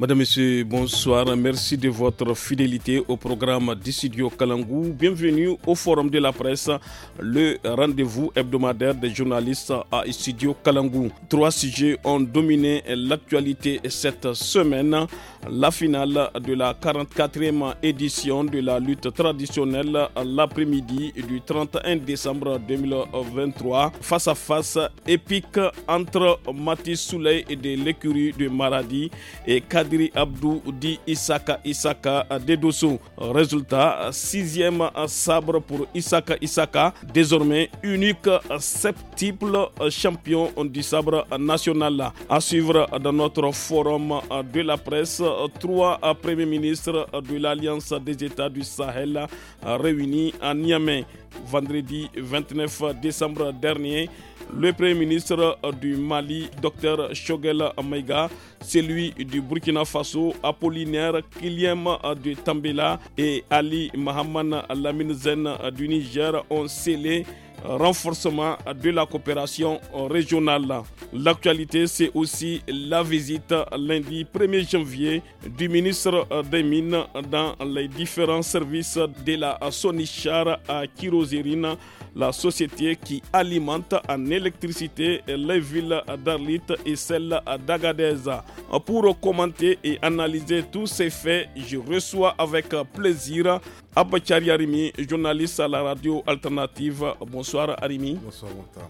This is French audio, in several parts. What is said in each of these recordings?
Madame, Monsieur, bonsoir. Merci de votre fidélité au programme d'Issidio Kalangou. Bienvenue au Forum de la presse, le rendez-vous hebdomadaire des journalistes à Issidio Kalangou. Trois sujets ont dominé l'actualité cette semaine. La finale de la 44e édition de la lutte traditionnelle l'après-midi du 31 décembre 2023. Face à face épique entre Mathis Souley et de l'écurie de Maradi et Abdou Di Isaka Isaka Dedosso. Résultat, sixième sabre pour Isaka Isaka, désormais unique septiple champion du sabre national. À suivre dans notre forum de la presse, trois premiers ministres de l'Alliance des États du Sahel réunis à Niamey vendredi 29 décembre dernier. Le Premier ministre du Mali, Dr Shogel Maïga, celui du Burkina Faso, Apollinaire Kiliem de Tambela et Ali Mohamed Lamine du Niger ont scellé renforcement de la coopération régionale. L'actualité, c'est aussi la visite lundi 1er janvier du ministre des Mines dans les différents services de la Sonichar à Kirozirine, la société qui alimente en électricité les villes d'Arlit et celles d'Agadeza. Pour commenter et analyser tous ces faits, je reçois avec plaisir Abba Chari Arimi, journaliste à la radio alternative. Bonsoir Arimi. Bonsoir Mokhtar.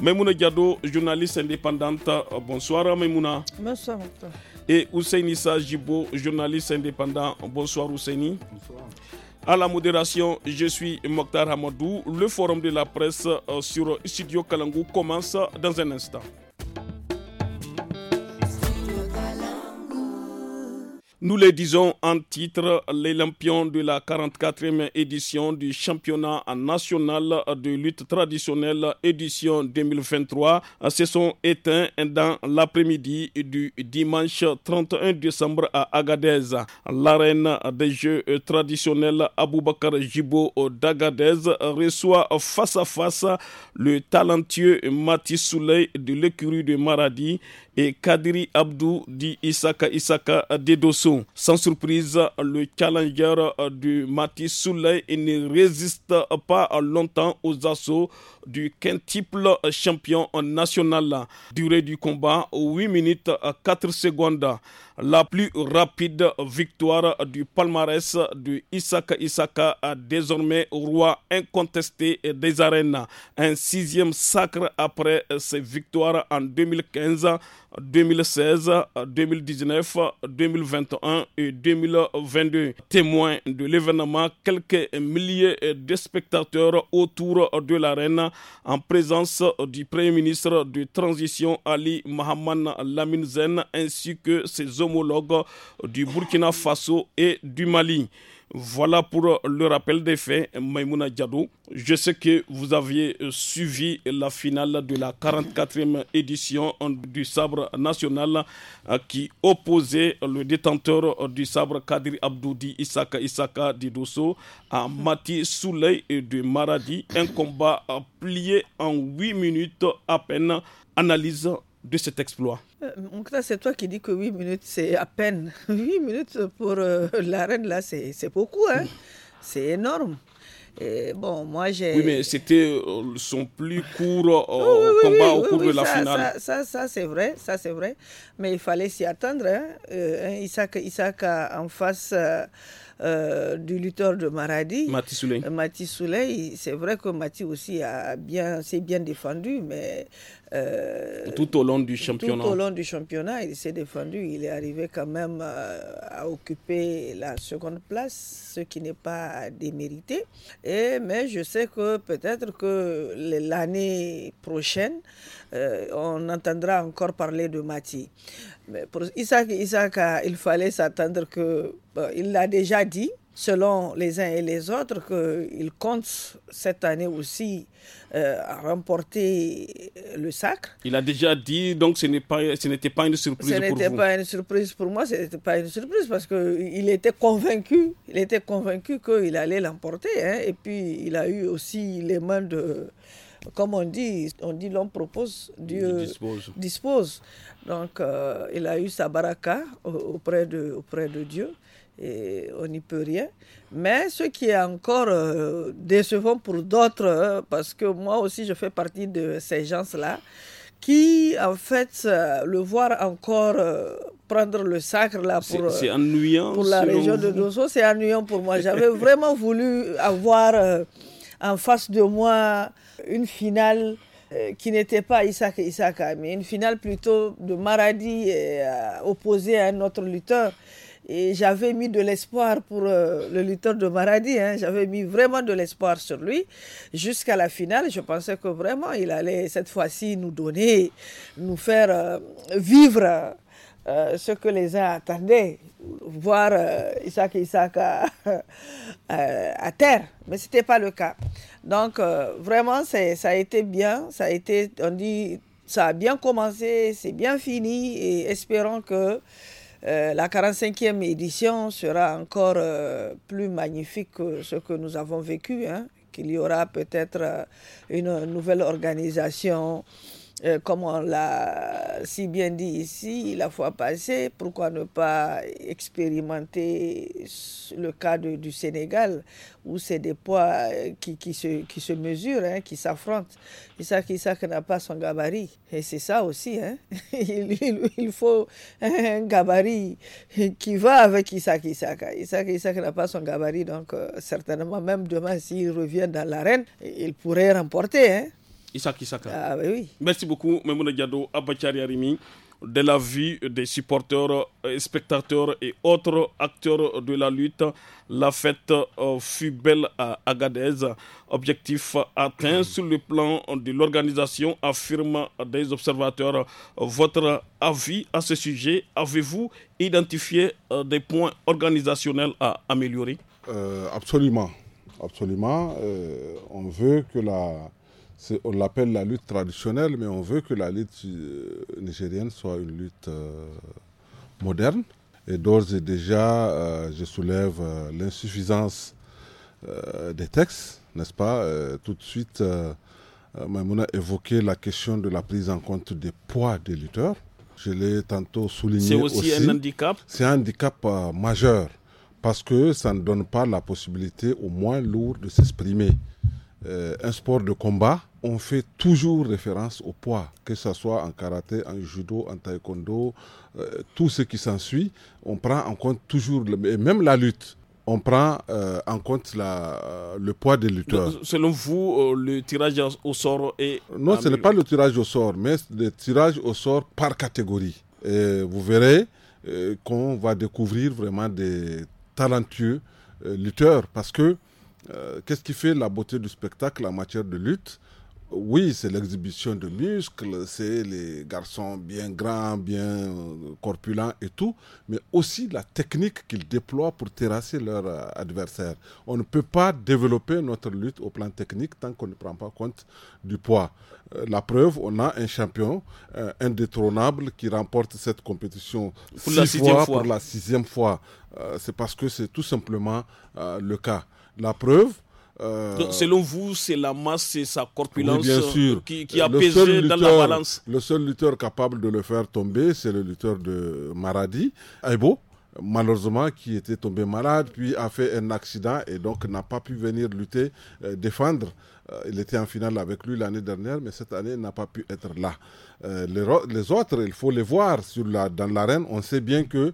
Memouna Diado, journaliste indépendante. Bonsoir Memouna. Bonsoir Mokhtar. Et Ousseini Sajibo, journaliste indépendant. Bonsoir Ousseini. Bonsoir. À la modération, je suis Mokhtar Hamadou. Le forum de la presse euh, sur Studio Kalangou commence dans un instant. Nous les disons en titre, les lampions de la 44e édition du championnat national de lutte traditionnelle édition 2023 se sont éteints dans l'après-midi du dimanche 31 décembre à Agadez. L'arène des jeux traditionnels Aboubakar Jibo d'Agadez reçoit face à face le talentueux Matisse Souley de l'écurie de Maradi et Kadri Abdou dit Isaka Isaka Dedosso. Sans surprise, le challenger euh, du Mati et ne résiste pas longtemps aux assauts du quintuple champion national. Durée du combat 8 minutes 4 secondes. La plus rapide victoire du palmarès de Isaka Isaka, désormais roi incontesté des arènes. Un sixième sacre après ses victoires en 2015 2016, 2019, 2021 et 2022. Témoins de l'événement, quelques milliers de spectateurs autour de l'arène en présence du Premier ministre de transition Ali Mohamed Laminzen ainsi que ses homologues du Burkina Faso et du Mali. Voilà pour le rappel des faits, Maïmouna Diadou. Je sais que vous aviez euh, suivi la finale de la 44e édition euh, du sabre national euh, qui opposait le détenteur du sabre Kadri Abdoudi Isaka Isaka Didosso à Mati Souley de Maradi. Un combat plié en 8 minutes à peine. Analyse de cet exploit euh, Moukta, c'est toi qui dis que 8 minutes, c'est à peine. 8 minutes pour l'arène, euh, la reine, là, c'est beaucoup, hein? c'est énorme. bon, moi j'ai. Oui, mais c'était euh, son plus court combat au cours de la finale. Ça, ça, c'est vrai, ça c'est vrai. Mais il fallait s'y attendre. Hein. Hein, Isaac, Isaac en face. Euh, du lutteur de Maradi. Mati Souley. Euh, Souley, c'est vrai que Mathis aussi a bien, s'est bien défendu, mais. Euh, tout au long du championnat. Tout au long du championnat, il s'est défendu. Il est arrivé quand même à occuper la seconde place, ce qui n'est pas démérité Et, mais je sais que peut-être que l'année prochaine, on entendra encore parler de Mathis Mais pour Isaac, il fallait s'attendre que. il l'a déjà dit, selon les uns et les autres, qu'il compte cette année aussi euh, remporter le sacre. Il a déjà dit, donc ce n'était pas, une surprise ce pour vous. Ce n'était pas une surprise pour moi, ce n'était pas une surprise parce qu'il était convaincu, il était convaincu qu'il allait l'emporter. Hein. et puis il a eu aussi les mains de comme on dit, on dit l'homme propose, Dieu dispose. dispose. Donc, euh, il a eu sa baraka auprès de, auprès de Dieu et on n'y peut rien. Mais ce qui est encore euh, décevant pour d'autres, euh, parce que moi aussi je fais partie de ces gens-là, qui en fait euh, le voir encore prendre le sacre là pour, pour la région de Dosso, c'est ennuyant pour moi. J'avais vraiment voulu avoir en face de moi une finale qui n'était pas Isaac Isaka, mais une finale plutôt de Maradi opposée à un autre lutteur. Et j'avais mis de l'espoir pour euh, le lutteur de Maradi. Hein. J'avais mis vraiment de l'espoir sur lui jusqu'à la finale. Je pensais que vraiment, il allait cette fois-ci nous donner, nous faire euh, vivre. Euh, ce que les uns attendaient, voir Isaac Isaac à, terre. Mais ce n'était pas le cas. Donc, vraiment, ça a été bien. Ça a été, on dit, ça a bien commencé, c'est bien fini et espérons que euh, la 45e édition sera encore euh, plus magnifique que ce que nous avons vécu, hein. qu'il y aura peut-être euh, une nouvelle organisation euh, comme on l'a si bien dit ici la fois passée, pourquoi ne pas expérimenter le cas du Sénégal, où c'est des poids euh, qui, qui, se, qui se mesurent, hein, qui s'affrontent. Isaac Isaac n'a pas son gabarit. Et c'est ça aussi. Hein. Il, il, faut un gabarit qui va avec Isaac Isaac. Isaac Isaac n'a pas son gabarit, donc euh, certainement, même demain, s'il revient dans l'arène, il pourrait remporter. Hein. Isaac ah, Merci beaucoup, Memouna Diado, Abachari Arimi, de la vie des supporters, euh, spectateurs et autres acteurs de la lutte. La fête euh, fut belle à Agadez. Objectif atteint mm. sur le plan de l'organisation, affirme des observateurs. Votre avis à ce sujet, avez-vous identifié euh, des points organisationnels à améliorer Absolument. Absolument. on veut que la on l'appelle la lutte traditionnelle, mais on veut que la lutte euh, nigérienne soit une lutte euh, moderne. Et d'ores et déjà, euh, je soulève l'insuffisance des textes, n'est-ce pas Tout de suite, Maïmouna a évoqué la question de la prise en compte des poids des lutteurs. Je l'ai tantôt souligné. C'est aussi, un handicap C'est un handicap majeur, parce que ça ne donne pas la possibilité au moins lourd de s'exprimer. Euh, un sport de combat, on fait toujours référence au poids, que ce soit en karaté, en judo, en taekwondo, euh, tout ce qui s'ensuit, on prend en compte toujours, même la lutte on prend euh, en compte la, le poids des lutteurs. Selon vous, le tirage au sort est... Non, ce n'est pas le tirage au sort, mais le tirage au sort par catégorie. Et vous verrez qu'on va découvrir vraiment des talentueux lutteurs parce que euh, qu'est-ce qui fait la beauté du spectacle en matière de lutte oui, c'est l'exhibition de muscles, c'est les garçons bien grands, bien euh, corpulents et tout, mais aussi la technique qu'ils déploient pour terrasser leur euh, adversaire. On ne peut pas développer notre lutte au plan technique tant qu'on ne prend pas compte du poids. la preuve, on a un champion indétrônable qui remporte cette compétition pour, six la, sixième fois, pour la sixième fois. c'est parce que c'est tout simplement le cas. La preuve. Euh, selon vous, c'est la masse, et sa corpulence qui, qui, a pesé dans la balance. Le seul lutteur capable de le faire tomber, c'est le lutteur de Maradi, Aibo malheureusement qui était tombé malade, puis a fait un accident et donc n'a pas pu venir lutter, euh, défendre euh, il était en finale avec lui l'année dernière, mais cette année, il n'a pas pu être là. Euh, les, autres, il faut les voir sur dans l'arène. On sait bien que euh,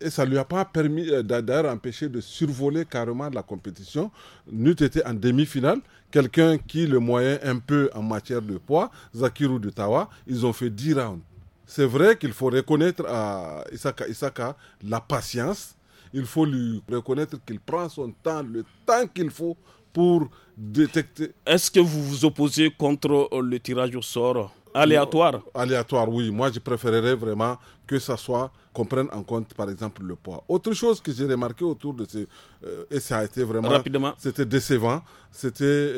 et ça ne lui a pas permis d'ailleurs de survoler carrément la compétition. N'eût été en demi-finale. Quelqu'un qui le moyen un peu en matière de poids, Zakiru de Tawa, ils ont fait 10 rounds. C'est vrai qu'il faut reconnaître à Isaka, Isaka la patience. Il faut lui reconnaître qu'il prend son temps, le temps qu'il faut pour détecter. Est-ce que vous vous opposez contre euh, le tirage au sort euh, aléatoire euh, Aléatoire, oui. Moi, je préférerais vraiment que ça soit qu'on prenne en compte, par exemple, le poids. Autre chose que j'ai remarqué autour de ces... et ça a été vraiment... Rapidement. C'était décevant. C'était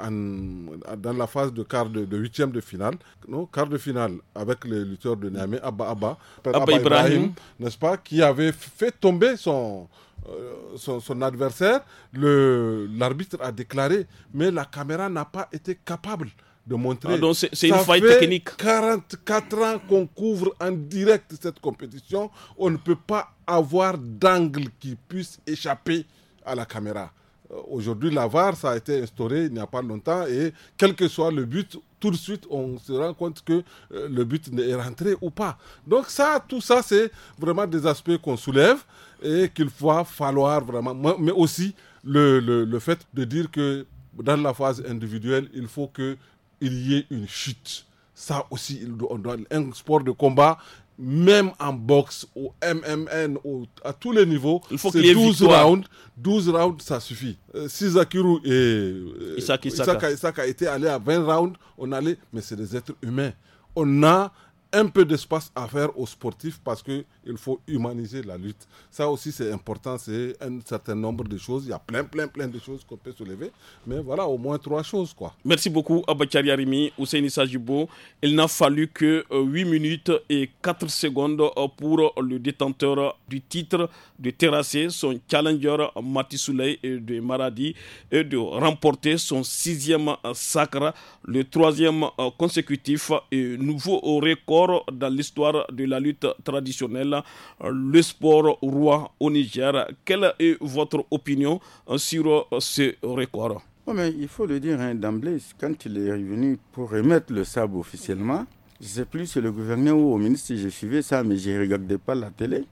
dans la phase de quart de, huitième de finale. Non, quart de finale avec le lutteur de Niamey, Abba Abba. Abba, Ibrahim n'est-ce pas Qui avait fait tomber son euh, son, adversaire, l'arbitre a déclaré, mais la caméra n'a pas été capable de montrer. Ah, donc c'est une faille technique. 44 ans qu'on couvre en direct cette compétition, on ne peut pas avoir d'angle qui puisse échapper à la caméra. Euh, aujourd'hui, la VAR, ça a été instauré il n'y a pas longtemps et quel que soit le but, tout de suite, on se rend compte que euh, le but est rentré ou pas. Donc ça, tout ça, c'est vraiment des aspects qu'on soulève et qu'il va falloir vraiment, mais aussi le, le, le, fait de dire que dans la phase individuelle, il faut qu'il y ait une chute. Ça aussi, on doit, un sport de combat, même en boxe, au MMN, à tous les niveaux, il faut c'est 12 rounds. 12 rounds, ça suffit. si Zakiru et a été allé à 20 rounds, on allait, mais c'est des êtres humains. On a un peu d'espace à faire aux sportifs parce qu'il faut humaniser la lutte. Ça aussi, c'est important. C'est un certain nombre de choses. Il y a plein, plein, plein de choses qu'on peut soulever. Mais voilà, au moins trois choses. quoi. Merci beaucoup, Abakari Arimi, Ousseini Sajibo. Il n'a fallu que 8 euh, minutes et 4 secondes euh, pour euh, le détenteur du titre de terrasser son challenger Mati Souley de Maradi et de remporter son sixième sacre, le troisième consécutif et nouveau record dans l'histoire de la lutte traditionnelle, euh, le sport roi au Niger. Quelle est votre opinion euh, sur euh, ce record mais Il faut le dire hein, d'emblée, quand il est revenu pour remettre le sable officiellement, je ne sais plus si le gouverneur ou le ministre, je suivais ça, mais je ne regardais pas la télé.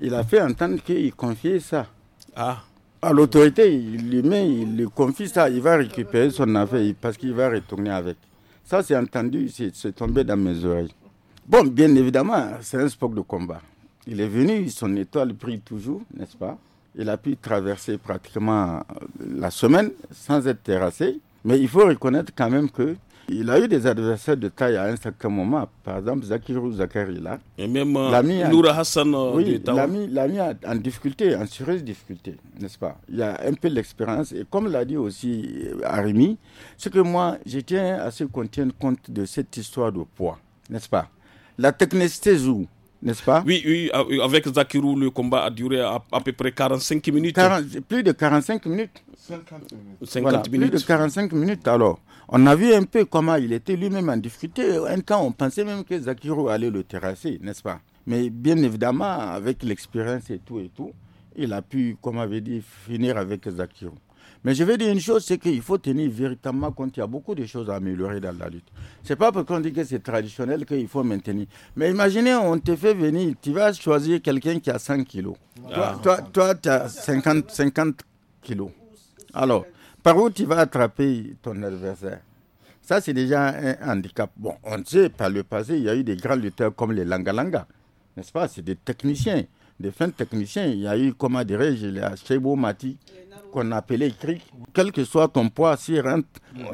Il a fait entendre qu'il confiait ça. Ah. À l'autorité, il lui met, il confie ça, il va récupérer son affaire parce qu'il va retourner avec. Ça, c'est entendu, c'est tombé dans mes oreilles. Bon, bien évidemment, c'est un sport de combat. Il est venu, son étoile brille toujours, n'est-ce pas Il a pu traverser pratiquement euh, la semaine sans être terrassé. Mais il faut reconnaître quand même que il a eu des adversaires de taille à un certain moment. Par exemple, Zakirou Zakari là. Et même euh, Noura Hassan l'ami euh, l'a en difficulté, en sérieuse difficulté, n'est-ce pas Il y a un peu l'expérience. Et comme l'a dit aussi Arimi, ce que moi, je tiens à ce qu'on tienne compte de cette histoire de poids, n'est-ce pas la technicité joue, n'est-ce pas Oui, oui, ah, avec Zakirou, le combat a duré à, peu près 45 minutes. plus de 45 minutes. 50 minutes. minutes. Plus de 45 minutes alors. On a vu un peu comment il était lui-même en difficulté. Un temps, on pensait même que Zakirou allait le terrasser, n'est-ce pas Mais bien évidemment, avec l'expérience et tout et tout, il a pu, comme avait dit, finir avec Zakirou. Mais je vais dire une chose, c'est qu'il faut tenir véritablement compte. Il y a beaucoup de choses à améliorer dans la lutte. Ce n'est pas parce qu'on dit que c'est traditionnel qu'il faut maintenir. Mais imaginez, on te fait venir, tu vas choisir quelqu'un qui a 100 kilos. Ah. Toi, tu as 50, 50 kilos. Alors, par où tu vas attraper ton adversaire ça, c'est déjà un handicap. Bon, on sait, par le passé, il y a eu des grands lutteurs comme les Langalanga, n'est-ce pas C'est des techniciens, des fins techniciens. Il y a eu, comment dirais-je, Chebo Mati, qu'on appelait CRIC, quel que soit ton poids, s'il rentre,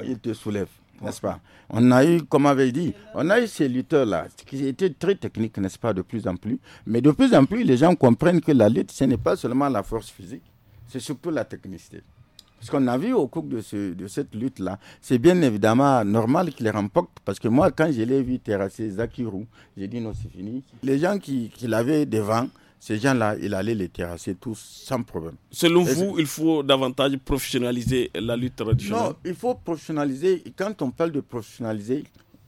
il te soulève, n'est-ce pas On a eu, comme avait dit, on a eu ces lutteurs-là qui étaient très techniques, n'est-ce pas, de plus en plus. Mais de plus en plus, les gens comprennent que la lutte, ce n'est pas seulement la force physique, c'est surtout la technicité. Ce qu'on a vu au cours de, ce, de cette lutte-là, c'est bien évidemment normal qu'il remporte, parce que moi, quand je l'ai vu terrasser Zakirou, j'ai dit non, c'est fini. Les gens qui, qui l'avaient devant, ces gens-là, il allait les terrasser tous sans problème. Selon vous, il faut davantage professionnaliser la lutte traditionnelle Non, il faut professionnaliser. Quand on parle de professionnaliser,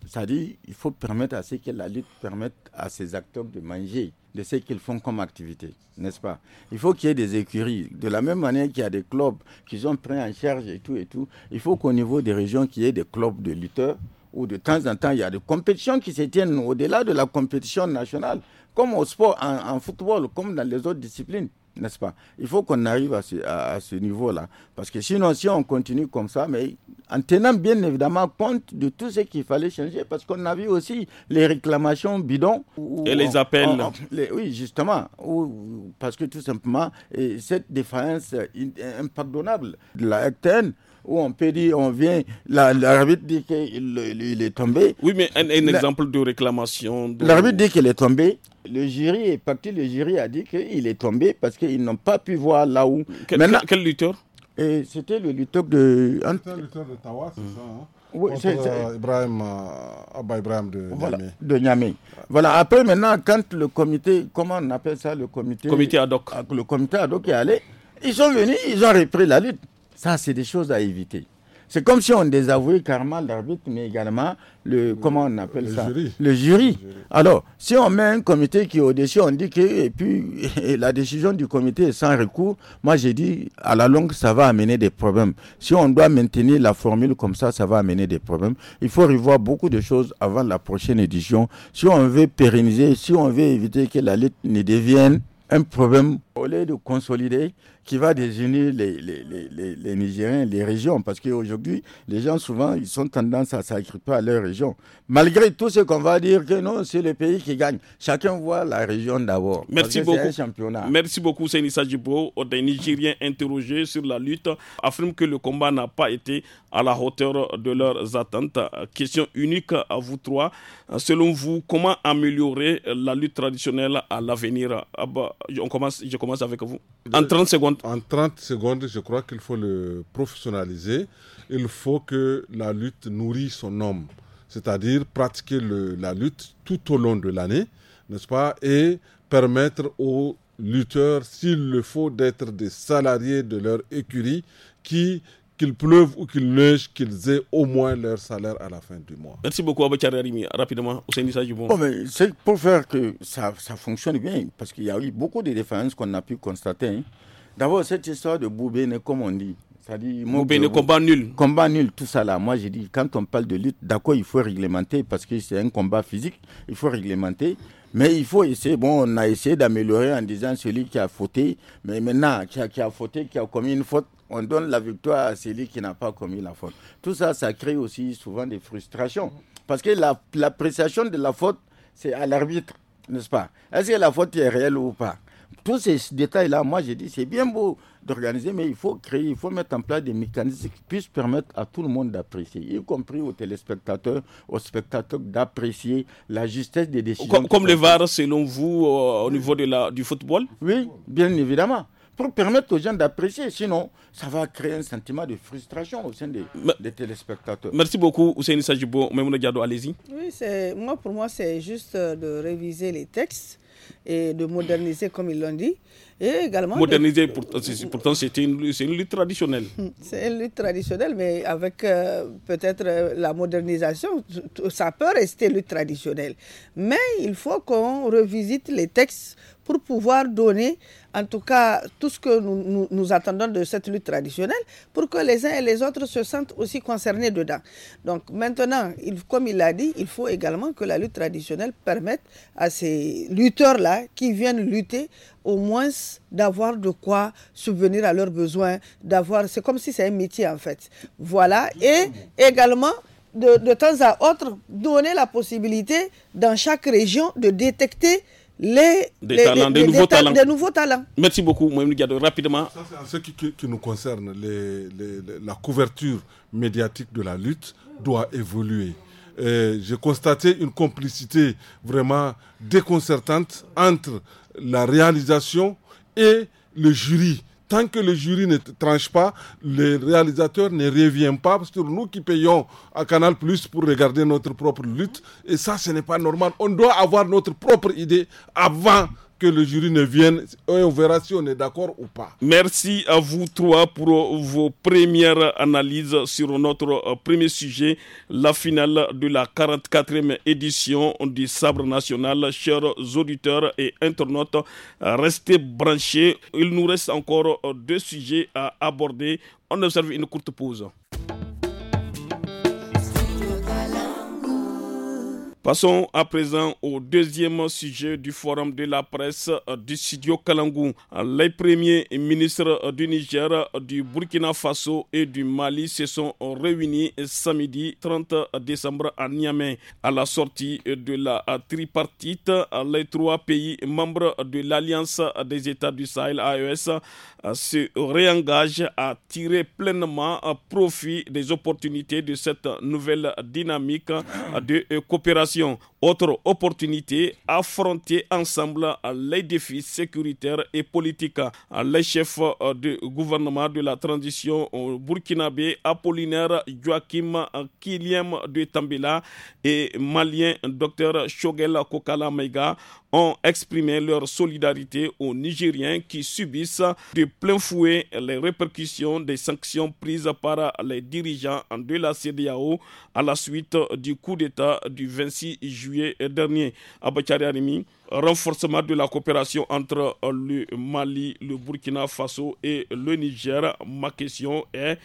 ça dit dire il faut permettre à ce que la lutte permette à ces acteurs de manger de ce qu'ils font comme activité, n'est-ce pas Il faut qu'il y ait des écuries. De la même manière qu'il y a des clubs qui ont pris en charge et tout et tout, il faut qu'au niveau des régions, qu'il y ait des clubs de lutteurs où de temps en temps, il y a des compétitions qui se tiennent au-delà de la compétition nationale, comme au sport, en, football, comme dans les autres disciplines n'est-ce pas Il faut qu'on arrive à ce, niveau-là. Parce que sinon, si on continue comme ça, mais en tenant bien évidemment compte de tout ce qu'il fallait changer, parce qu'on a vu aussi les réclamations bidons. Et les appels. oui, justement. parce que tout simplement, cette défaillance impardonnable de la RTN où on peut dire, on vient, l'arbitre la, dit qu'il il est tombé. Oui, mais un, exemple de réclamation. De... L'arbitre dit qu'il est tombé. Le jury est parti, le jury a dit qu'il est tombé parce qu'ils n'ont pas pu voir là où. Maintenant, quel, lutteur c'était le lutteur de. C'était le lutteur de Tawa, c'est ça hein oui, c'est euh, Ibrahim, euh, Ibrahim de voilà, Voilà, après maintenant, quand le comité, comment on appelle ça, le comité Comité ad hoc. Ah, le comité ad hoc est allé, ils sont venus, ils ont repris la lutte. Ça, c'est des choses à éviter. C'est comme si on désavouait carrément l'arbitre, mais également le, comment on appelle ça jury. Le, jury. Alors, si on met un comité qui est au-dessus, on dit que puis la décision du comité est sans recours. Moi, j'ai dit à la longue, ça va amener des problèmes. Si on doit maintenir la formule comme ça, ça va amener des problèmes. Il faut revoir beaucoup de choses avant la prochaine édition. Si on veut pérenniser, si on veut éviter que la lutte ne devienne un problème, au lieu de consolider, qui va désunir les, les, les, Nigériens, les régions, parce qu'aujourd'hui, les gens, souvent, ils ont tendance à s'agripper à leur région. Malgré tout ce qu'on va dire que non, c'est le pays qui gagne. Chacun voit la région d'abord. Merci beaucoup. championnat. Merci beaucoup, Senissa Djibo. Des Nigériens interrogés sur la lutte affirment que le combat n'a pas été à la hauteur de leurs attentes. Question unique à vous trois. Selon vous, comment améliorer la lutte traditionnelle à l'avenir On ah bah, commence, Je commence avec vous. En 30 secondes. En 30 secondes, je crois qu'il faut le professionnaliser. Il faut que la lutte nourrisse son homme, c'est-à-dire pratiquer la lutte tout au long de l'année, n'est-ce pas, et permettre aux lutteurs, s'il le faut, d'être des salariés de leur écurie qui qu'il pleuve ou qu'il neige, qu'ils aient au moins leur salaire à la fin du mois. Merci beaucoup, Abachar Rapidement, au sein oh, C'est pour faire que ça, fonctionne bien, parce qu'il y a eu beaucoup de défenses qu'on a pu constater. Hein. D'abord, cette histoire de Boubé comme on dit, c'est-à-dire. combat nul. Combat nul, tout ça là. Moi, j'ai dit, quand on parle de lutte, d'accord, il faut réglementer parce que c'est un combat physique, il faut réglementer. Mais il faut essayer, bon, on a essayé d'améliorer en disant celui qui a fauté, mais maintenant, qui a, qui fauté, qui a commis une faute, on donne la victoire à celui qui n'a pas commis la faute. Tout ça, ça crée aussi souvent des frustrations. Parce que l'appréciation de la faute, c'est à l'arbitre, n'est-ce pas Est-ce que la faute est réelle ou pas tous ces détails-là, moi, j'ai dit, c'est bien beau d'organiser, mais il faut créer, il faut mettre en place des mécanismes qui puissent permettre à tout le monde d'apprécier, y compris aux téléspectateurs, aux spectateurs d'apprécier la justesse des décisions. Comme, le VAR, selon vous, euh, au niveau de du football Oui, bien évidemment pour permettre aux gens d'apprécier. Sinon, ça va créer un sentiment de frustration au sein des, téléspectateurs. Merci beaucoup, Ousseini Sajibo. Diado, allez-y. Oui, moi, pour moi, c'est juste euh, de réviser les textes et de moderniser, comme ils l'ont dit. Et également moderniser, euh, pourtant, c'est une, lutte traditionnelle. C'est une lutte traditionnelle, mais avec euh, peut-être la modernisation, ça peut rester lutte traditionnelle. Mais il faut qu'on revisite les textes pour pouvoir donner en tout cas, tout ce que nous, attendons de cette lutte traditionnelle pour que les uns et les autres se sentent aussi concernés dedans. Donc maintenant, comme il l'a dit, il faut également que la lutte traditionnelle permette à ces lutteurs-là qui viennent lutter au moins d'avoir de quoi subvenir à leurs besoins, d'avoir, c'est comme si c'est un métier en fait. Voilà, et également... De, de temps à autre, donner la possibilité dans chaque région de détecter les, des, talents, nouveaux talents. Merci beaucoup, Rapidement. en ce qui, nous concerne, la couverture médiatique de la lutte doit évoluer. J'ai constaté une complicité vraiment déconcertante entre la réalisation et le jury tant que le jury ne tranche pas, les réalisateurs ne reviennent pas que nous qui payons à Canal Plus pour regarder notre propre lutte. Et ça, ce n'est pas normal. On doit avoir notre propre idée avant que le jury ne vienne. on verra si on est d'accord ou pas. Merci à vous trois pour euh, vos premières analyses sur notre euh, premier sujet, la finale de la 44e édition du Sabre National. Chers auditeurs et internautes, euh, restez branchés. Il nous reste encore deux sujets à aborder. On observe une courte pause. Passons à présent au deuxième sujet du forum de la presse euh, du studio Kalangou. Les premiers ministres euh, du Niger, euh, du Burkina Faso et du Mali se sont réunis samedi 30 décembre à Niamey. À la sortie de la tripartite, les trois pays membres de l'Alliance des États du Sahel AES se réengagent à tirer pleinement profit des opportunités de cette nouvelle dynamique de coopération autre opportunité, affronter ensemble les défis sécuritaires et politiques. Les chefs euh, du gouvernement de la transition euh, burkinabé, Apollinaire Joachim euh, Kilien de Tambila et malien Dr Shogel Kokala Mega ont exprimé leur solidarité aux Nigériens qui subissent de plein fouet les répercussions des sanctions prises par les dirigeants de la CDAO à la suite du coup d'État du 26 juillet dernier. Abachari Arimi, renforcement de la coopération entre le Mali, le Burkina Faso et le Niger. Ma question est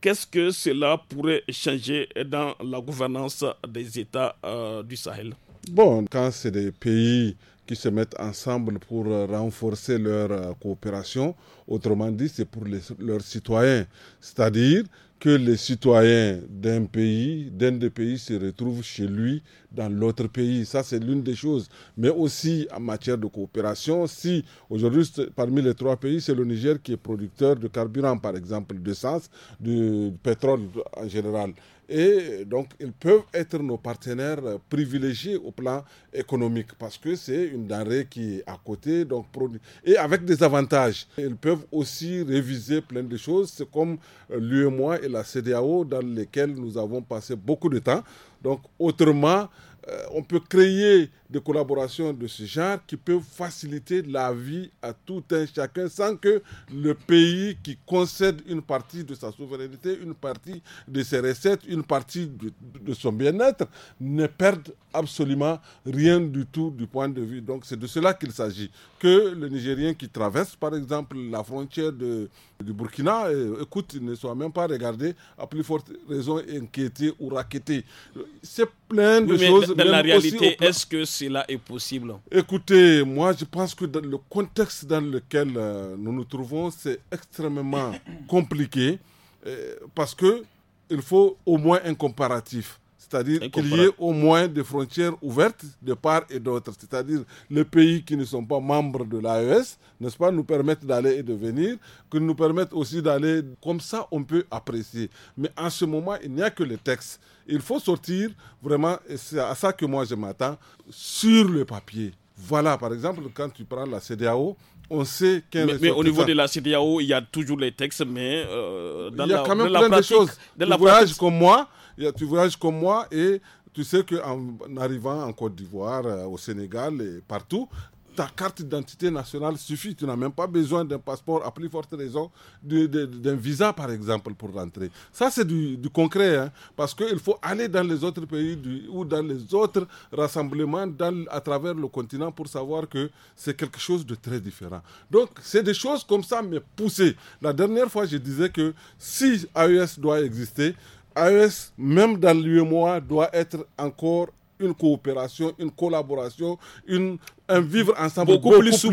qu'est-ce que cela pourrait changer dans la gouvernance des États euh, du Sahel Bon, quand c'est des pays qui se mettent ensemble pour euh, renforcer leur euh, coopération, autrement dit, c'est pour leurs citoyens. C'est-à-dire que les citoyens d'un pays, d'un des pays se retrouvent chez lui dans l'autre pays. Ça, c'est l'une des choses. Mais aussi en matière de coopération, si aujourd'hui, parmi les trois pays, c'est le Niger qui est producteur de carburant, par exemple, d'essence, de pétrole en général. Et donc, ils peuvent être nos partenaires privilégiés au plan économique parce que c'est une denrée qui est à côté, donc produit. Et avec des avantages. Ils peuvent aussi réviser plein de choses. C'est comme euh, l'UEMOA et la CDAO dans lesquelles nous avons passé beaucoup de temps. Donc, autrement, euh, on peut créer des collaborations de ce genre qui peuvent faciliter la vie à tout un chacun sans que le pays qui concède une partie de sa souveraineté, une partie de ses recettes, une partie de, de son bien-être ne perde absolument rien du tout du point de vue. Donc c'est de cela qu'il s'agit. Que le Nigérien qui traverse par exemple la frontière de, du Burkina, écoute, ne soit même pas regardé à plus forte raison inquiété ou raquettés. C'est plein de choses. mais choses. Dans la réalité, est-ce que cela est possible Écoutez, moi je pense que dans le contexte dans lequel euh, nous nous trouvons, c'est extrêmement compliqué euh, parce que il faut au moins un comparatif. C'est-à-dire qu'il y ait au moins des frontières ouvertes de part et d'autre. C'est-à-dire les pays qui ne sont pas membres de l'AES, n'est-ce pas, nous permettent d'aller et de venir, que nous permettent aussi d'aller. Comme ça, on peut apprécier. Mais en ce moment, il n'y a que les textes. Il faut sortir vraiment, et c'est à ça que moi je m'attends, sur le papier. Voilà, par exemple, quand tu prends la CDAO, on sait qu'un mais, mais, au niveau de la CDAO, il y a toujours les textes, mais euh, dans, il y a quand même plein de choses. Dans voyages comme moi, tu voyages comme moi et tu sais qu'en arrivant en Côte d'Ivoire, euh, au Sénégal et partout, ta carte d'identité nationale suffit. Tu n'as même pas besoin d'un passeport, à plus forte raison, d'un visa, par exemple, pour rentrer. Ça, c'est du, concret, hein, parce qu'il faut aller dans les autres pays ou dans les autres rassemblements à travers le continent pour savoir que c'est quelque chose de très différent. Donc, c'est des choses comme ça, mais poussées. La dernière fois, je disais que si AES doit exister, AES, même dans l'UMOA, doit être encore une coopération, une collaboration, un vivre ensemble beaucoup, plus,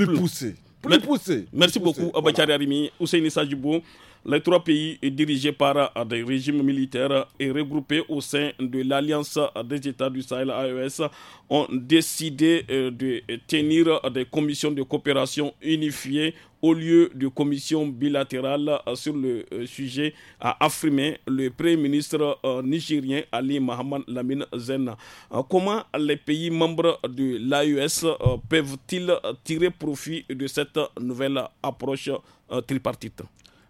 poussé. Merci beaucoup, Abachari Arimi, Ousseini Sajibou. Les trois pays, dirigés par des régimes militaires et regroupés au sein de l'Alliance des États du Sahel AES, ont décidé euh, de tenir des commissions de coopération unifiées au lieu de commissions bilatérales sur le euh, sujet, a affirmé le Premier ministre euh, nigérien Ali Mohamed Lamine Zen. Comment les pays membres de l'AES peuvent-ils tirer profit de cette nouvelle approche tripartite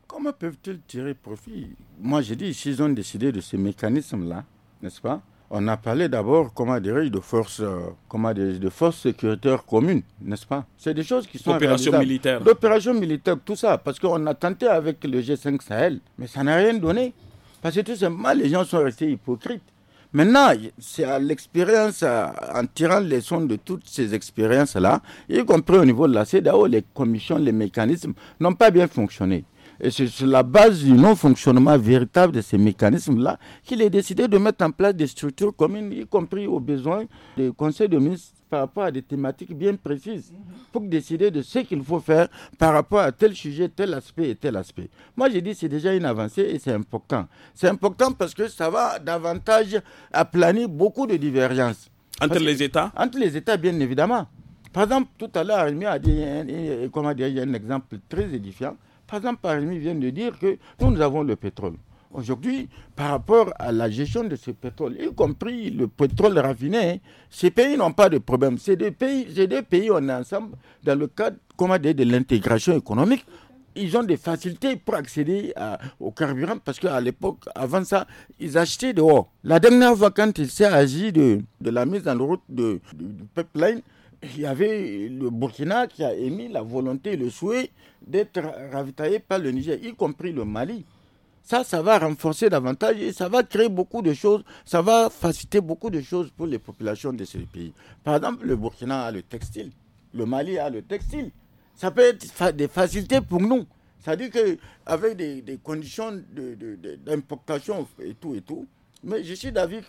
Comment peuvent-ils tirer profit Moi, j'ai dit, s'ils ont décidé de ces mécanismes là n'est-ce pas On a parlé d'abord, comment dirais de force, euh, de forces sécuritaires communes, n'est-ce pas C'est des choses qui sont... Opérations militaires. D'opérations militaires, tout ça. Parce qu'on a tenté avec le G5 Sahel, mais ça n'a rien donné. Parce que tout simplement, les gens sont restés hypocrites. Maintenant, c'est à l'expérience, en tirant les sons de toutes ces expériences-là, y compris au niveau de la CEDAO, les commissions, les mécanismes n'ont pas bien fonctionné. Et c'est sur la base du non-fonctionnement véritable de ces mécanismes-là qu'il est décidé de mettre en place des structures communes, y compris aux besoins des conseils de ministres par rapport à des thématiques bien précises, pour décider de ce qu'il faut faire par rapport à tel sujet, tel aspect et tel aspect. Moi, j'ai dit c'est déjà une avancée et c'est important. C'est important parce que ça va davantage aplanir beaucoup de divergences. Entre les États Entre les États, bien évidemment. Par exemple, tout à l'heure, a dit, comment il y a un exemple très édifiant. Par exemple, Parmi vient de dire que nous, avons le pétrole. Aujourd'hui, par rapport à la gestion de ce pétrole, y compris le pétrole raffiné, ces pays n'ont pas de problème. Ces deux pays, ces pays on est ensemble dans le cadre de l'intégration économique. Ils ont des facilités pour accéder au carburant parce qu'à l'époque, avant ça, ils achetaient dehors. La dernière fois, quand il s'est de, la mise en route de, du pipeline, il y avait le Burkina qui a émis la volonté le souhait d'être ravitaillé par le Niger, y compris le Mali. Ça, ça va renforcer davantage et ça va créer beaucoup de choses, ça va faciliter beaucoup de choses pour les populations de ces pays. Par exemple, le Burkina a le textile, le Mali a le textile. Ça peut être des facilités pour nous. Ça à dire qu'avec des, conditions d'importation et tout et tout, mais je suis d'avis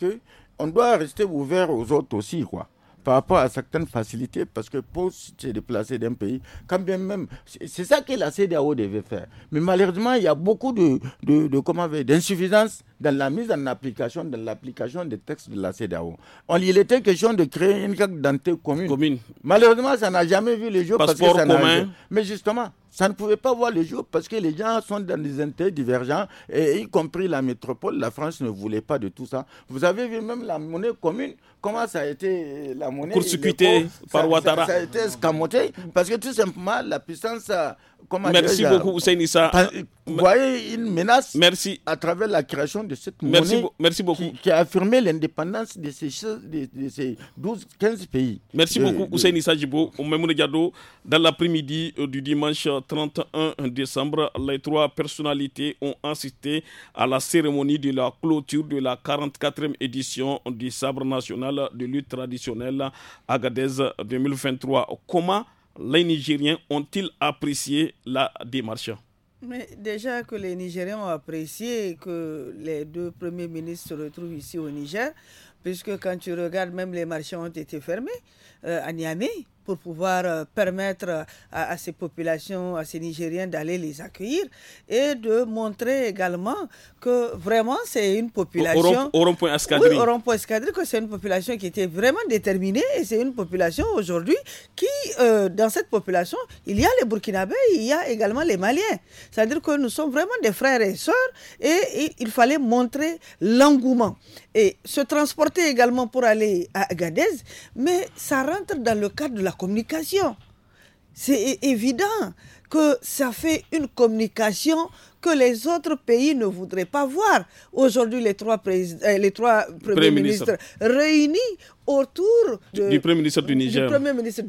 qu'on doit rester ouvert aux autres aussi, quoi par rapport à certaines facilités, parce que pour se déplacer d'un pays, quand bien même, c'est ça que la CDAO devait faire. Mais malheureusement, il y a beaucoup de, de, comment d'insuffisance dans la mise en application, dans l'application des textes de la CDAO. On, il était question de créer une carte d'entrée commune. commune. Malheureusement, ça n'a jamais vu le jour. parce que ça commun. Mais justement, ça ne pouvait pas voir le jour parce que les gens sont dans des intérêts divergents, et y compris la métropole. La France ne voulait pas de tout ça. Vous avez vu même la monnaie commune, comment ça a été la monnaie. court par Ouattara. Ça, a été escamoté parce que tout simplement, la puissance euh, Merci beaucoup, Issa. Vous voyez une menace à travers la création de cette Merci monnaie Qui, a affirmé l'indépendance de ces, ces 12-15 pays. Merci beaucoup, Ousseinissa Djibo. même dans l'après-midi euh, du dimanche 31 décembre, les trois personnalités ont assisté à la cérémonie de la clôture de la 44e édition du Sabre national de lutte traditionnelle Agadez 2023. Comment les Nigériens ont-ils apprécié la démarche mais déjà que les Nigériens ont apprécié que les deux premiers ministres se retrouvent ici au Niger, puisque quand tu regardes, même les marchés ont été fermés euh, à Niamey pour pouvoir euh, permettre à, ces populations, à ces Nigériens d'aller les accueillir et de montrer également que vraiment c'est une population... point point que c'est une population qui était vraiment déterminée et c'est une population aujourd'hui qui, euh, dans cette population, il y a les Burkinabés, il y a également les Maliens. C'est-à-dire que nous sommes vraiment des frères et sœurs et il fallait montrer l'engouement. Et se transporter également pour aller à Agadez, mais ça rentre dans le cadre de la communication. C'est évident que ça fait une communication que les autres pays ne voudraient pas voir. Aujourd'hui, les trois, euh, les trois premiers ministres réunis autour du, premier ministre du,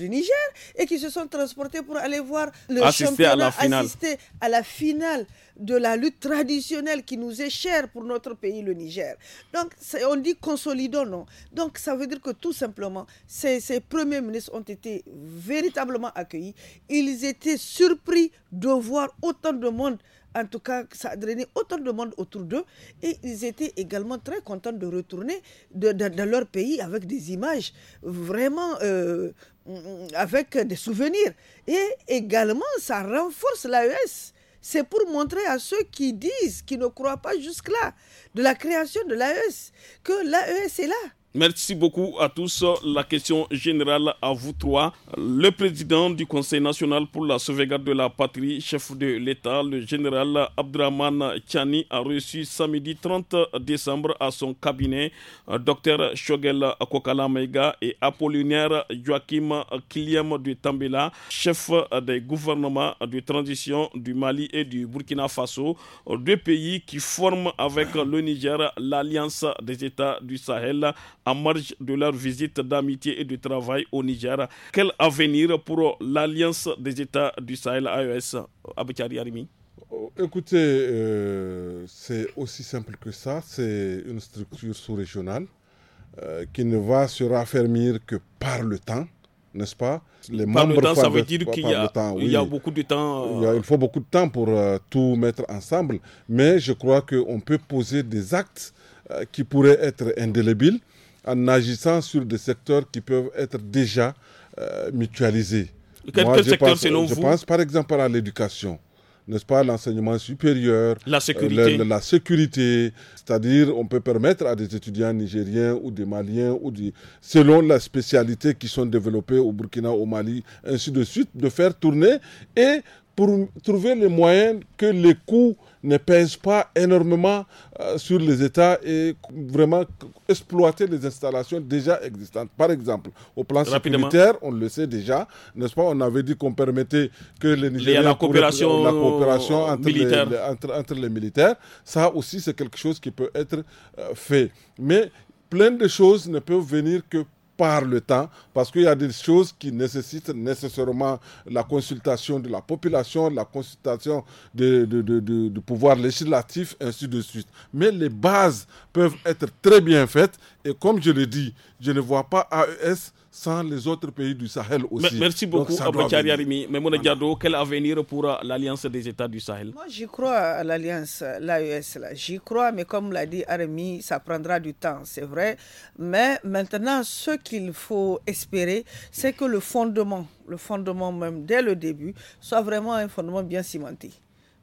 Niger. et qui se sont transportés pour aller voir le championnat, assister à la finale de la lutte traditionnelle qui nous est chère pour notre pays, le Niger. Donc, on dit consolidons, non Donc, ça veut dire que tout simplement, ces premiers ministres ont été véritablement accueillis. Ils étaient surpris de voir autant de monde en tout cas, ça a drainé autant de monde autour d'eux. Et ils étaient également très contents de retourner dans leur pays avec des images vraiment euh, mm, avec des souvenirs. Et également, ça renforce l'AES. C'est pour montrer à ceux qui disent, qui ne croient pas jusque-là, de la création de l'AES, que l'AES est là Merci beaucoup à tous. La question générale à vous trois. Le président du Conseil national pour la sauvegarde de la patrie, chef de l'État, le général Abdraman Tchani, a reçu samedi 30 décembre à son cabinet Dr Shogel Akokalameiga et Apollinaire Joachim Kiliam de Tambela, chef des gouvernements de transition du Mali et du Burkina Faso, deux pays qui forment avec le Niger l'Alliance des États du Sahel en marge de leur visite d'amitié et de travail au Niger. Quel avenir pour l'Alliance des États du Sahel AES euh, Écoutez, euh, c'est aussi simple que ça. C'est une structure sous-régionale euh, qui ne va se raffermir que par le temps, n'est-ce pas Les Par membres le temps, ça veut dire qu'il y, a beaucoup de temps. Il, faut beaucoup de temps pour tout mettre ensemble, mais je crois qu'on peut poser des actes qui pourraient être indélébiles en agissant sur des secteurs qui peuvent être déjà euh, mutualisés. Quel, selon vous Je pense par exemple à l'éducation n'est-ce pas, l'enseignement supérieur, la euh, sécurité, la sécurité, c'est-à-dire on peut permettre à des étudiants nigériens ou des maliens ou des, selon la spécialité qui sont développées au Burkina, au Mali, ainsi de suite, de faire tourner et pour trouver les moyens que les coûts ne pèsent pas énormément euh, sur les États et vraiment exploiter les installations déjà existantes. Par exemple, au plan militaire, on le sait déjà, n'est-ce pas On avait dit qu'on permettait que les Nigériens... La coopération, la coopération entre, Les, militaires. Ça aussi, c'est quelque chose qui peut être euh, fait. Mais plein de choses ne peuvent venir que par le temps, parce qu'il y a des choses qui nécessitent nécessairement la consultation de la population, la consultation du pouvoir législatif, ainsi de suite. Mais les bases peuvent être très bien faites, et comme je le dis, je ne vois pas AES sans les autres pays du Sahel aussi. Merci beaucoup, Arimi. Mais mon Diado, quel avenir pour euh, l'Alliance des États du Sahel Moi, j'y crois à l'Alliance, l'AES. J'y crois, mais comme l'a dit Arimi, ça prendra du temps, c'est vrai. Mais maintenant, ce qu'il faut espérer, c'est que le fondement, le fondement même dès le début, soit vraiment un fondement bien cimenté.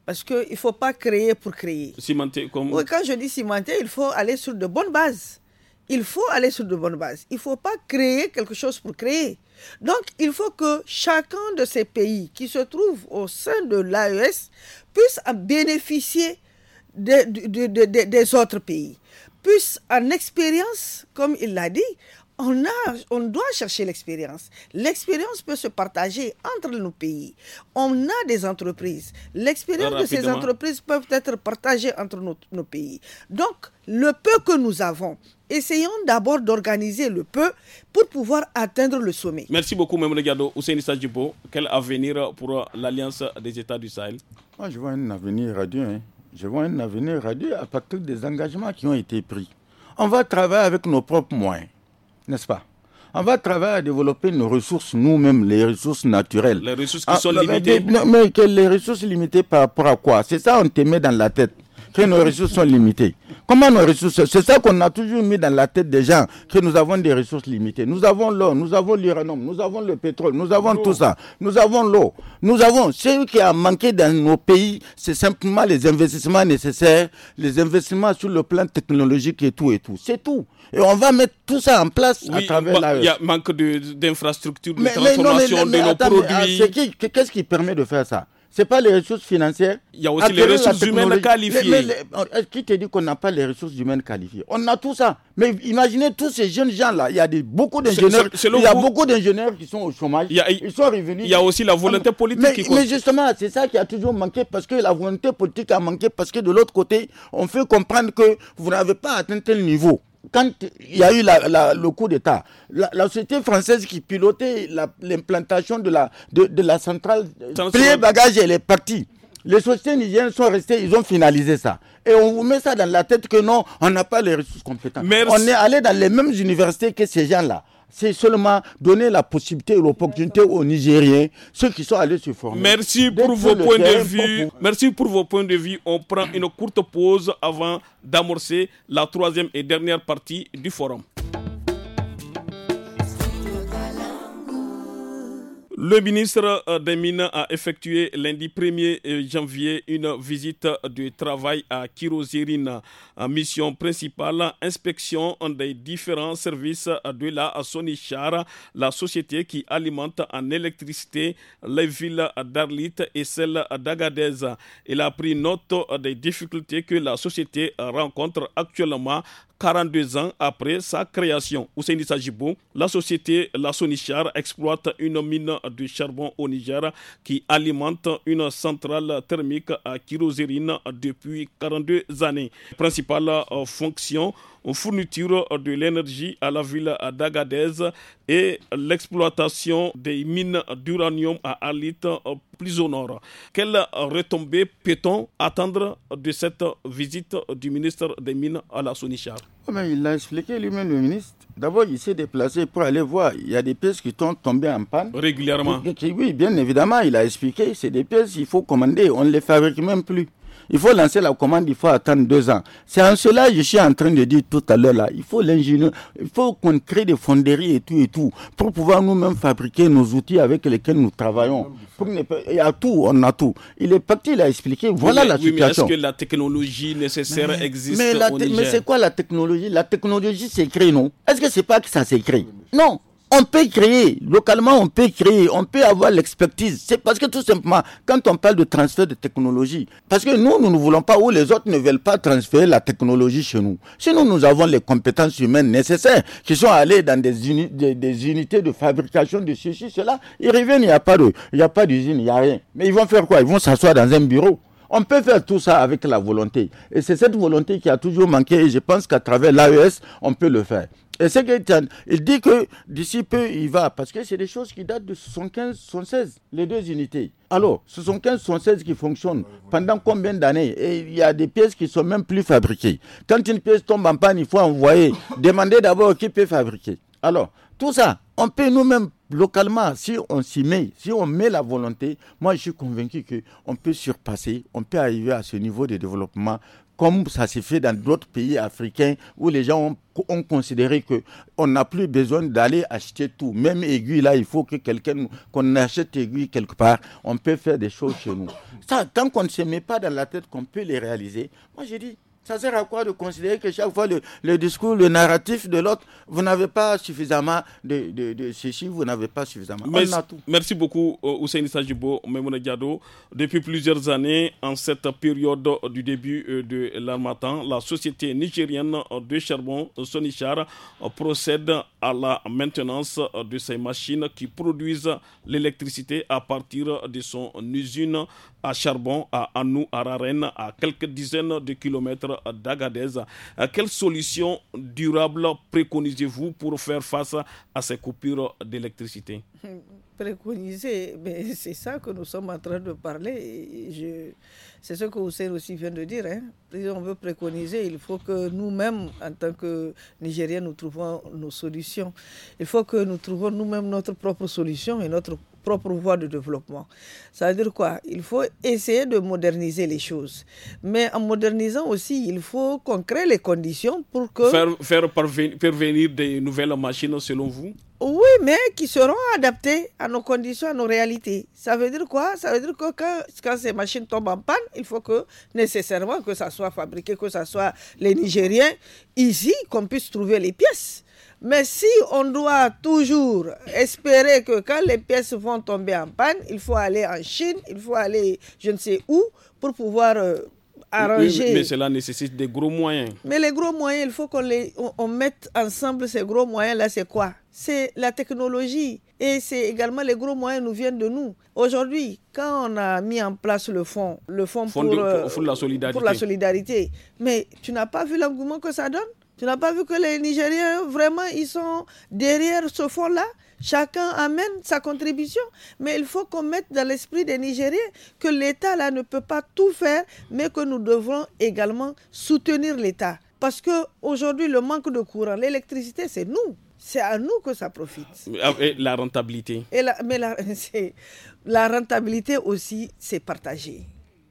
Parce qu'il ne faut pas créer pour créer. Cimenté comme... Oui, quand je dis cimenté, il faut aller sur de bonnes bases il faut aller sur de bonnes bases. Il ne faut pas créer quelque chose pour créer. Donc, il faut que chacun de ces pays qui se trouvent au sein de l'AES puisse bénéficier des autres pays, puisse en expérience, comme il l'a dit, on, on doit chercher l'expérience. L'expérience peut se partager entre nos pays. On a des entreprises. L'expérience de ces entreprises peut être partagée entre nos, pays. Donc, le peu que nous avons, essayons d'abord d'organiser le peu pour pouvoir atteindre le sommet. Merci beaucoup, Mme Oussé Nissa quel avenir pour l'Alliance des États du Sahel Moi, je vois un avenir radieux. Hein. Je vois un avenir radieux à partir des engagements qui ont été pris. On va travailler avec nos propres moyens n'est-ce pas on va travailler à développer nos ressources nous-mêmes, les ressources naturelles. Les ressources qui ah, sont ben, limitées. Mais, les ressources limitées par rapport à quoi C'est ça, on te met dans la tête que nos ressources sont limitées. Comment nos ressources C'est ça qu'on a toujours mis dans la tête des gens, que nous avons des ressources limitées. Nous avons l'eau, nous avons l'uranium, nous avons le pétrole, nous avons tout ça. Nous avons l'eau. Nous avons ce qui a manqué dans nos pays, c'est simplement les investissements nécessaires, les investissements sur le plan technologique et tout et tout. C'est tout. Et on va mettre tout ça en place à travers bah, la. E. Il y a manque d'infrastructures, de, de, transformation mais, de nos produits. Ah, qu'est-ce qui permet de faire ça ce n'est pas les ressources financières. Il y a aussi les ressources humaines qualifiées. qui te dit qu'on n'a pas les ressources humaines qualifiées On a tout ça. Mais imaginez tous ces jeunes gens-là. Il y a des, beaucoup d'ingénieurs. Il y a beaucoup d'ingénieurs qui sont au chômage. ils sont revenus. Il y a aussi la volonté ah, politique Mais justement, c'est ça qui a toujours manqué parce que la volonté politique a manqué parce que de l'autre côté, on fait comprendre que vous n'avez pas atteint tel niveau quand il y a eu le coup d'État, la, société française qui pilotait l'implantation de la, de, de la centrale plié bagage, elle est partie. Les sociétés nigériennes sont restées, ils ont finalisé ça. Et on vous met ça dans la tête que non, on n'a pas les ressources compétentes. On est allé dans les mêmes universités que ces gens-là c'est seulement donner la possibilité et l'opportunité aux Nigériens, ceux qui sont allés se former. Merci pour vos points de vue. Merci pour vos points de vue. On prend une courte pause avant d'amorcer la troisième et dernière partie du forum. Le ministre euh, des Mines a effectué lundi 1er euh, janvier une visite de travail à Kirozirine, mission principale inspection des différents services de la Sonichar, la société qui alimente en électricité les villes d'Arlit et celle d'Agadez. Il a pris note des difficultés que la société rencontre actuellement 42 ans après sa création. au Ousseini Sajibou, la société La Sonichar exploite une mine de charbon au Niger qui alimente une centrale thermique à kérosérine depuis 42 années. Principale fonction fourniture de l'énergie à la ville d'Agadez et l'exploitation des mines d'uranium à Alit euh, plus au nord. Quelle retombée peut-on attendre de cette visite du ministre des Mines à la Sonichar Il l'a expliqué lui-même, le ministre. D'abord, il s'est déplacé pour aller voir. Il y a des pièces qui sont tombées en panne. Régulièrement Oui, bien évidemment, il a expliqué. C'est des pièces qu'il faut commander. On ne les fabrique même plus. Il faut lancer la commande, il faut attendre deux ans. C'est en cela que je suis en train de dire tout à l'heure là. Il faut l'ingénieur, il faut qu'on crée des fonderies et tout et tout pour pouvoir nous-mêmes fabriquer nos outils avec lesquels nous travaillons. il y a tout, on a tout. Il est parti, il a Voilà la situation. Oui, mais est-ce que la technologie nécessaire mais, existe Mais, mais c'est quoi la technologie La technologie s'écrit, non Est-ce que c'est pas que ça s'écrit Non. On peut créer, localement on peut créer, on peut avoir l'expertise. C'est parce que tout simplement, quand on parle de transfert de technologie, parce que nous, nous ne voulons pas ou les autres ne veulent pas transférer la technologie chez nous. Sinon, nous avons les compétences humaines nécessaires qui sont allés dans des, des, des unités de fabrication de ceci, cela. Ils reviennent, il n'y a pas d'usine, il n'y a rien. Mais ils vont faire quoi Ils vont s'asseoir dans un bureau. On peut faire tout ça avec la volonté. Et c'est cette volonté qui a toujours manqué et je pense qu'à travers l'AES, on peut le faire. Et que il dit que d'ici peu, il va, parce que c'est des choses qui datent de 75, 76, les deux unités. Alors, 75, 76 qui fonctionnent pendant combien d'années Et il y a des pièces qui sont même plus fabriquées. Quand une pièce tombe en panne, il faut envoyer, demander d'abord qui peut fabriquer. Alors, tout ça, on peut nous-mêmes localement, si on s'y met, si on met la volonté, moi je suis convaincu qu'on peut surpasser, on peut arriver à ce niveau de développement comme ça se fait dans d'autres pays africains où les gens ont, considéré que on n'a plus besoin d'aller acheter tout. Même aiguille, là, il faut que quelqu'un, qu'on achète aiguille quelque part. On peut faire des choses chez nous. Ça, tant qu'on ne se met pas dans la tête qu'on peut les réaliser, moi j'ai dit, ça sert à quoi de considérer que chaque fois le, discours, le narratif de l'autre, vous n'avez pas suffisamment de, de, de ceci, vous n'avez pas suffisamment. Merci, merci beaucoup, Hussein euh, Sajibo, Memouna Diado. Depuis plusieurs années, en cette période du début euh, de l'armatan, la société nigérienne de charbon Sonichar procède à la maintenance de ses machines qui produisent l'électricité à partir de son usine à Charbon, à Anou, à Rarène, à quelques dizaines de kilomètres d'Agadez. Euh, quelle solution durable préconisez-vous pour faire face à ces coupures d'électricité Préconiser, c'est ça que nous sommes en train de parler. Je... C'est ce que Hussein aussi vient de dire. Hein. Si on veut préconiser, il faut que nous-mêmes, en tant que Nigériens, nous trouvions nos solutions. Il faut que nous trouvions nous-mêmes notre propre solution et notre propre voie de développement. Ça veut dire quoi Il faut essayer de moderniser les choses. Mais en modernisant aussi, il faut qu'on crée les conditions pour que... Faire, parvenir des nouvelles machines selon vous oui, mais qui seront adaptées à nos conditions, à nos réalités. Ça veut dire quoi Ça veut dire que quand, quand, ces machines tombent en panne, il faut que nécessairement que ça soit fabriqué, que ça soit les Nigériens ici, qu'on puisse trouver les pièces mais si on doit toujours espérer que quand les pièces vont tomber en panne, il faut aller en Chine, il faut aller je ne sais où pour pouvoir euh, arranger. mais cela nécessite des gros moyens. Mais les gros moyens, il faut qu'on les on, mette ensemble ces gros moyens-là, c'est quoi C'est la technologie. Et c'est également les gros moyens nous viennent de nous. Aujourd'hui, quand on a mis en place le fonds, le fond pour, euh, pour la solidarité, mais tu n'as pas vu l'engouement que ça donne tu n'as pas vu que les Nigériens, vraiment, ils sont derrière ce fonds-là Chacun amène sa contribution, mais il faut qu'on mette dans l'esprit des Nigériens que l'État là ne peut pas tout faire, mais que nous devons également soutenir l'État. Parce que aujourd'hui, le manque de courant, l'électricité, c'est nous. C'est à nous que ça profite. Ah, et la rentabilité. mais la, la rentabilité aussi, c'est partagé.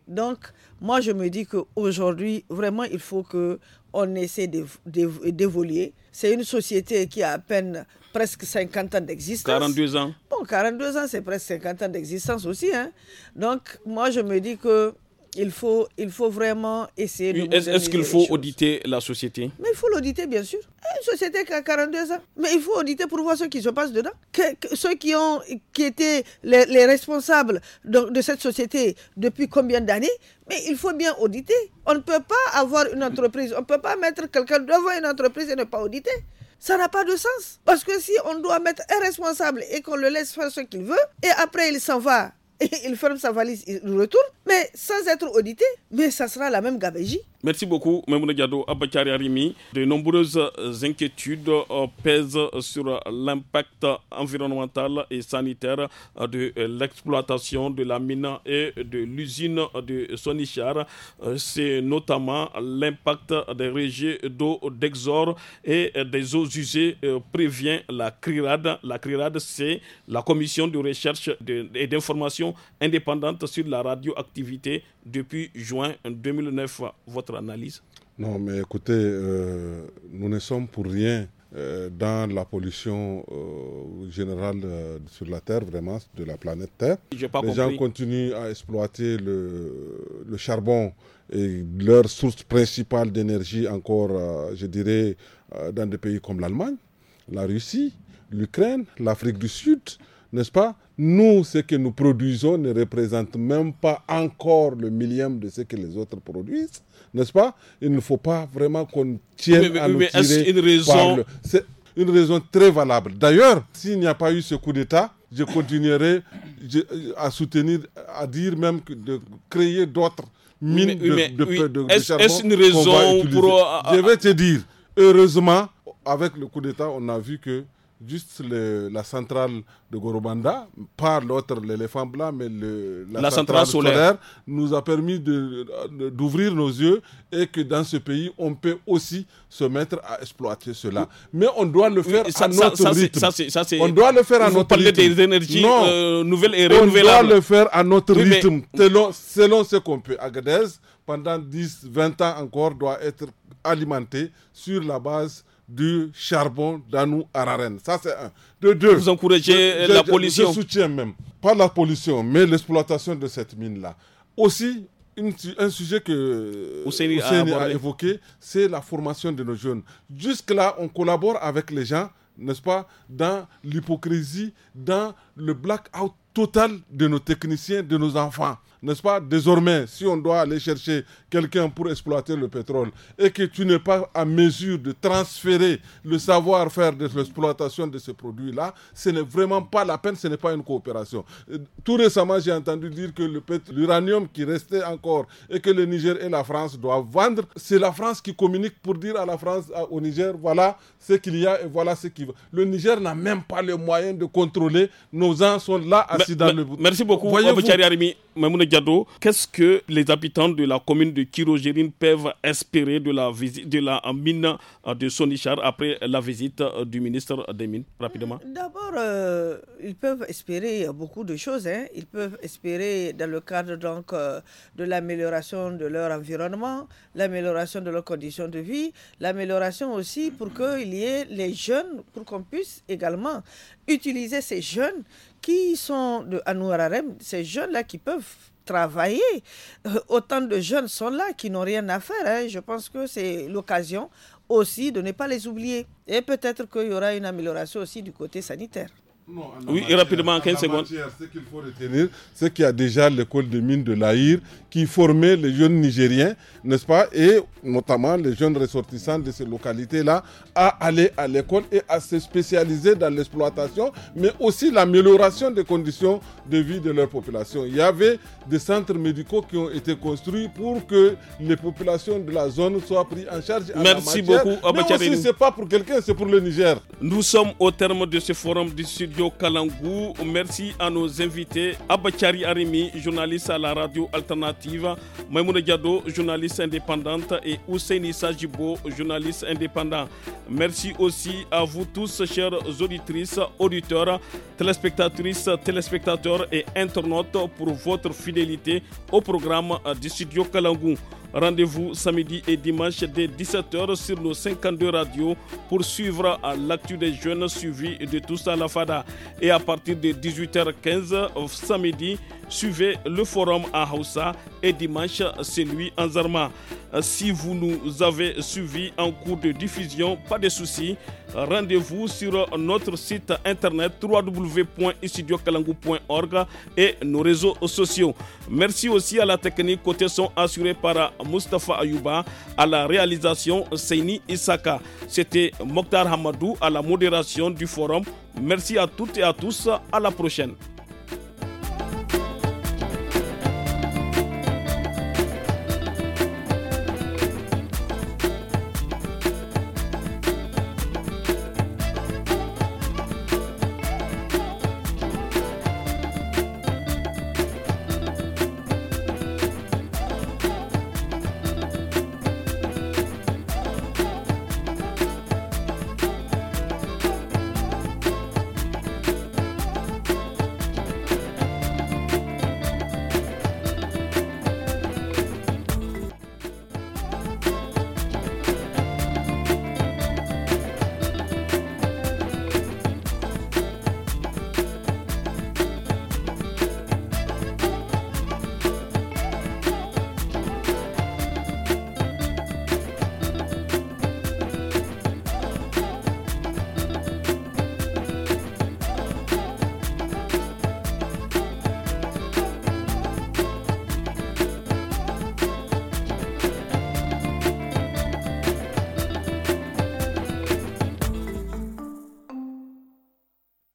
Donc, moi, je me dis qu'aujourd'hui, vraiment, il faut que on essaie d'évoluer. C'est une société qui a à peine presque 50 ans d'existence. 42 ans. Bon, 42 ans, c'est presque 50 ans d'existence aussi. Hein. Donc, moi, je me dis que il faut, il faut vraiment essayer de. Est-ce qu'il faut auditer la société Mais il faut l'auditer, bien sûr. Une société qui a 42 ans. Mais il faut auditer pour voir ce qui se passe dedans. ceux qui, ont, qui étaient les, responsables de, de cette société depuis combien d'années mais il faut bien auditer. On ne peut pas avoir une entreprise, on ne peut pas mettre quelqu'un devant une entreprise et ne pas auditer. Ça n'a pas de sens. Parce que si on doit mettre un responsable et qu'on le laisse faire ce qu'il veut, et après il s'en va il ferme sa valise, il retourne, mais sans être audité, mais ça sera la même gabegie. Merci beaucoup, Mme Diado, Abakari Arimi. De nombreuses inquiétudes euh, pèsent sur l'impact environnemental et sanitaire euh, de l'exploitation de la mine et de l'usine de Sonichar. Euh, c'est notamment l'impact des rejets d'eau d'exor et des eaux usées prévient la CRIRAD. La CRIRAD, c'est la commission de recherche et d'information indépendante sur la radioactivité depuis juin 2009. Votre analyse Non, mais écoutez, euh, nous ne sommes pour rien euh, dans la pollution euh, générale sur la Terre, vraiment, de la planète Terre. les gens continuent à exploiter le, le, charbon et leur source principale d'énergie encore, je dirais, dans des pays comme l'Allemagne, la Russie, l'Ukraine, l'Afrique du Sud, n'est-ce pas nous, ce que nous produisons ne représente même pas encore le millième de ce que les autres produisent, n'est-ce pas Il ne faut pas vraiment qu'on tienne à nous tirer une raison... C'est une raison très valable. D'ailleurs, s'il n'y a pas eu ce coup d'État, je continuerai à soutenir, à dire même de créer d'autres mines de, charbon. une raison pour... Je vais te dire, heureusement, avec le coup d'État, on a vu que juste le, la centrale de Gorobanda, pas l'autre, l'éléphant blanc, mais la, centrale, solaire. nous a permis d'ouvrir nos yeux et que dans ce pays, on peut aussi se mettre à exploiter cela. Mais on doit le faire à notre rythme. on doit le faire à notre rythme. des énergies euh, nouvelles et renouvelables. On doit le faire à notre rythme, selon, selon ce qu'on peut. Agadez, pendant 10, 20 ans encore, doit être alimenté sur la base du charbon dans nous à Ça, c'est un. De deux. Vous encouragez euh, la pollution. soutiens même. Pas la pollution, mais l'exploitation de cette mine-là. Aussi, un sujet que euh, Ousseini a, a évoqué, c'est la formation de nos jeunes. Jusque-là, on collabore avec les gens, n'est-ce pas, dans l'hypocrisie, dans le blackout total de nos techniciens, de nos enfants. N'est-ce pas Désormais, si on doit aller chercher quelqu'un pour exploiter le pétrole et que tu n'es pas en mesure de transférer le savoir-faire de l'exploitation de ce produit là ce n'est vraiment pas la peine, ce n'est pas une coopération. Euh, tout récemment, j'ai entendu dire que l'uranium qui restait encore et que le Niger et la France doivent vendre, c'est la France qui communique pour dire à la France, au Niger, voilà ce qu'il y a et voilà ce qui veut. Le Niger n'a même pas les moyens de contrôler. Nos gens sont là à Merci beaucoup, Qu'est-ce que les habitants de la commune de Kirogerine peuvent espérer de la, visite, de la mine euh, de Sonichar après la visite euh, du ministre des Mines Rapidement. Euh, d'abord, ils peuvent espérer beaucoup de choses. Hein. Ils peuvent espérer, dans le cadre donc, de l'amélioration de leur environnement, l'amélioration de leurs conditions de vie, l'amélioration aussi pour qu'il y ait les jeunes, pour qu'on puisse également utiliser ces jeunes qui sont de Anouararem, ces jeunes-là qui peuvent travailler. Euh, autant de jeunes sont là qui n'ont rien à faire. Hein. Je pense que c'est l'occasion aussi de ne pas les oublier. Et peut-être qu'il y aura une amélioration aussi du côté sanitaire oui, rapidement, 15 secondes. ce qu'il faut retenir, c'est qu'il y a déjà l'école de mine de l'Aïr qui formait les jeunes Nigériens, n'est-ce pas, et notamment les jeunes ressortissants de ces localités-là, à aller à l'école et à se spécialiser dans l'exploitation, mais aussi l'amélioration des conditions de vie de leur population. Il y avait des centres médicaux qui ont été construits pour que les populations de la zone soient prises en charge. Merci beaucoup, ce n'est pas pour quelqu'un, c'est pour le Niger. Nous sommes au terme de ce forum du Sud Merci à nos invités. Abachari Arimi, journaliste à la radio alternative. Maimouna Diado, journaliste indépendante. Et Hussein Sajibo, journaliste indépendant. Merci aussi à vous tous, chers auditrices, auditeurs, téléspectatrices, téléspectateurs et internautes pour votre fidélité au programme du studio Kalangou. Rendez-vous samedi et dimanche dès 17h sur nos 52 radios pour suivre l'actu des jeunes suivis de Toussaint à Et à partir de 18h15 samedi, suivez le forum à Hausa et dimanche celui en Zarma. Euh, si vous nous avez suivis en cours de diffusion, pas de soucis. Rendez-vous sur notre site internet www.isidiokalangu.org et nos réseaux sociaux. Merci aussi à la technique côté son assuré par Mustafa Ayuba à la réalisation Seini Isaka. C'était Mokhtar Hamadou à la modération du forum. Merci à toutes et à tous. À la prochaine.